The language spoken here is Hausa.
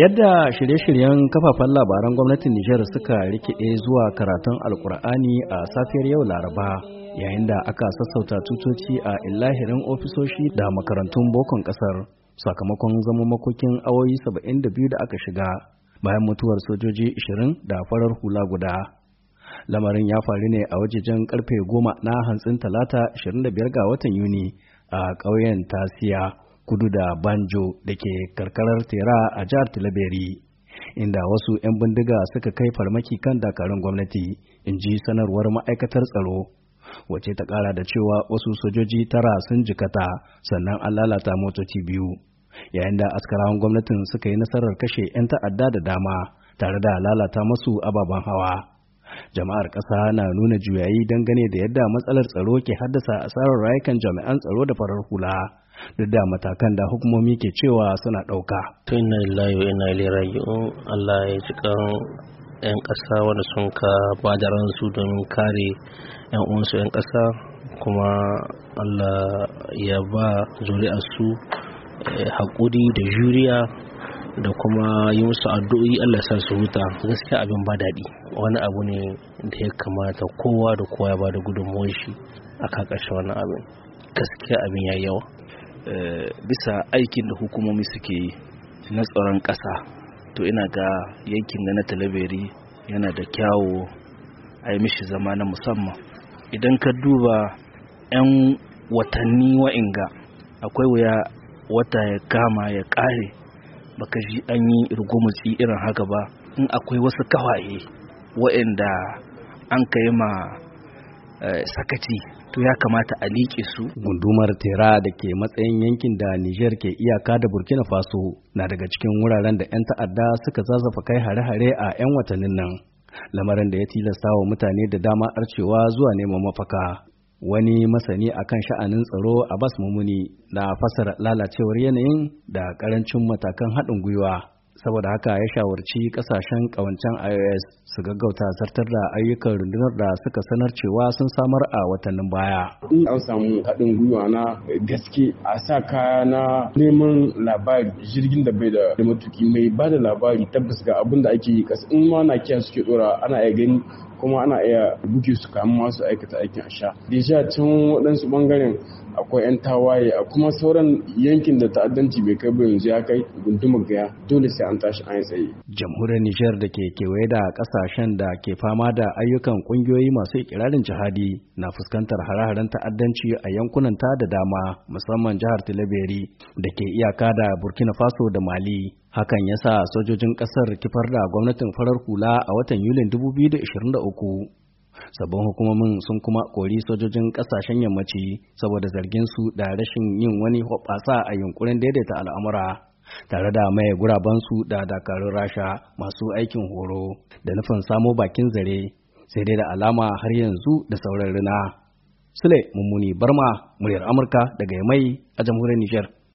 Yadda shirye-shiryen kafafen labaran gwamnatin Nijar suka rikide zuwa karatun Alkur'ani a safiyar yau Laraba, yayin da aka sassauta tutoci a illahirin ofisoshi da makarantun bokon kasar sakamakon zama makokin awoyi 72 da aka shiga bayan mutuwar sojoji 20 da farar hula guda. Lamarin ya faru ne a wajejen karfe goma na hantsin talata 25 ga watan Yuni a ƙauyen tasiya kudu da banjo da ke karkarar tera a jihar tilaberi inda wasu 'yan bindiga suka kai farmaki kan dakarun gwamnati in ji sanarwar ma'aikatar tsaro wace ta kara da cewa wasu sojoji tara sun jikata sannan an lalata motoci biyu yayin da askarawan gwamnatin suka yi nasarar kashe 'yan ta'adda da dama tare da lalata masu ababen hawa jama'ar ƙasa na nuna juyayi dangane da yadda matsalar tsaro ke haddasa asarar rayukan jami'an tsaro da farar hula da da matakan da hukumomi ke cewa suna ɗauka. to inna lillahi wa inna ilaihi raji'un Allah ya ci yan ƙasa wanda sun ka ba da ransu domin kare yan uwansu yan ƙasa kuma Allah ya ba su eh, haƙuri da juriya da kuma yi musu addu'o'i Allah sa su huta gaskiya abin ba daɗi wani abu ne da ya kamata kowa da kowa ya bada da gudunmuwar shi a kakashe wani abin gaskiya abin ya yawa eh, bisa aikin da hukumomi suke yi na tsaron ƙasa to ina ga yankin da na talabari yana da kyawo a yi mishi zama na musamman idan ka duba 'yan watanni wa'inga akwai wuya wata ya kama ya ƙare baka ji an yi rugumutsi irin haka ba in akwai wasu kawaye waɗanda an kai ma eh, sakaci to ya kamata a liƙe su gundumar tera da ke matsayin yankin da niger ke iyaka da burkina faso na daga cikin wuraren da 'yan ta'adda suka zazzafa kai hare-hare a 'yan watannin nan lamarin da ya tilasta wa mutane da dama arcewa zuwa neman mafaka wani masani akan sha'anin tsaro a bas mummuni na fasara lalacewar yanayin da karancin matakan haɗin gwiwa saboda haka ya shawarci kasashen kawancen ios su gaggauta zartar da ayyukan rundunar da suka sanar cewa sun samar a watannin baya in an samu haɗin gwiwa na gaske a sa kaya na neman labari jirgin da bai da matuki mai ba da labari tabbas ga abin da ake yi kasa in ma na kiyan suke dora ana iya gani kuma ana iya buke su kamun masu aikata aikin asha sha deja can waɗansu ɓangaren akwai 'yan tawaye a kuma sauran yankin da ta'addanci bai kai ba yanzu ya kai gundumar gaya dole sai an tashi an tsaye. jamhuriyar nijar da ke kewaye da kasashen da ke fama da ayyukan kungiyoyi masu ikirarin jihadi na fuskantar hare-haren ta'addanci a yankunan ta da dama musamman jihar tilaberi da ke iyaka da burkina faso da mali hakan ya sa sojojin kasar kifar da gwamnatin farar hula a watan yulin 2023 sabbin hukumomin sun kuma kori sojojin kasashen yammaci saboda zargin su da rashin yin wani hoɓasa a yunkurin daidaita al'amura tare da maye su da dakarun rasha masu aikin horo da nufin samo bakin zare sai dai da alama har yanzu da sauran rina sule mummuni barma muryar amurka daga mai a jamhuriyar nijar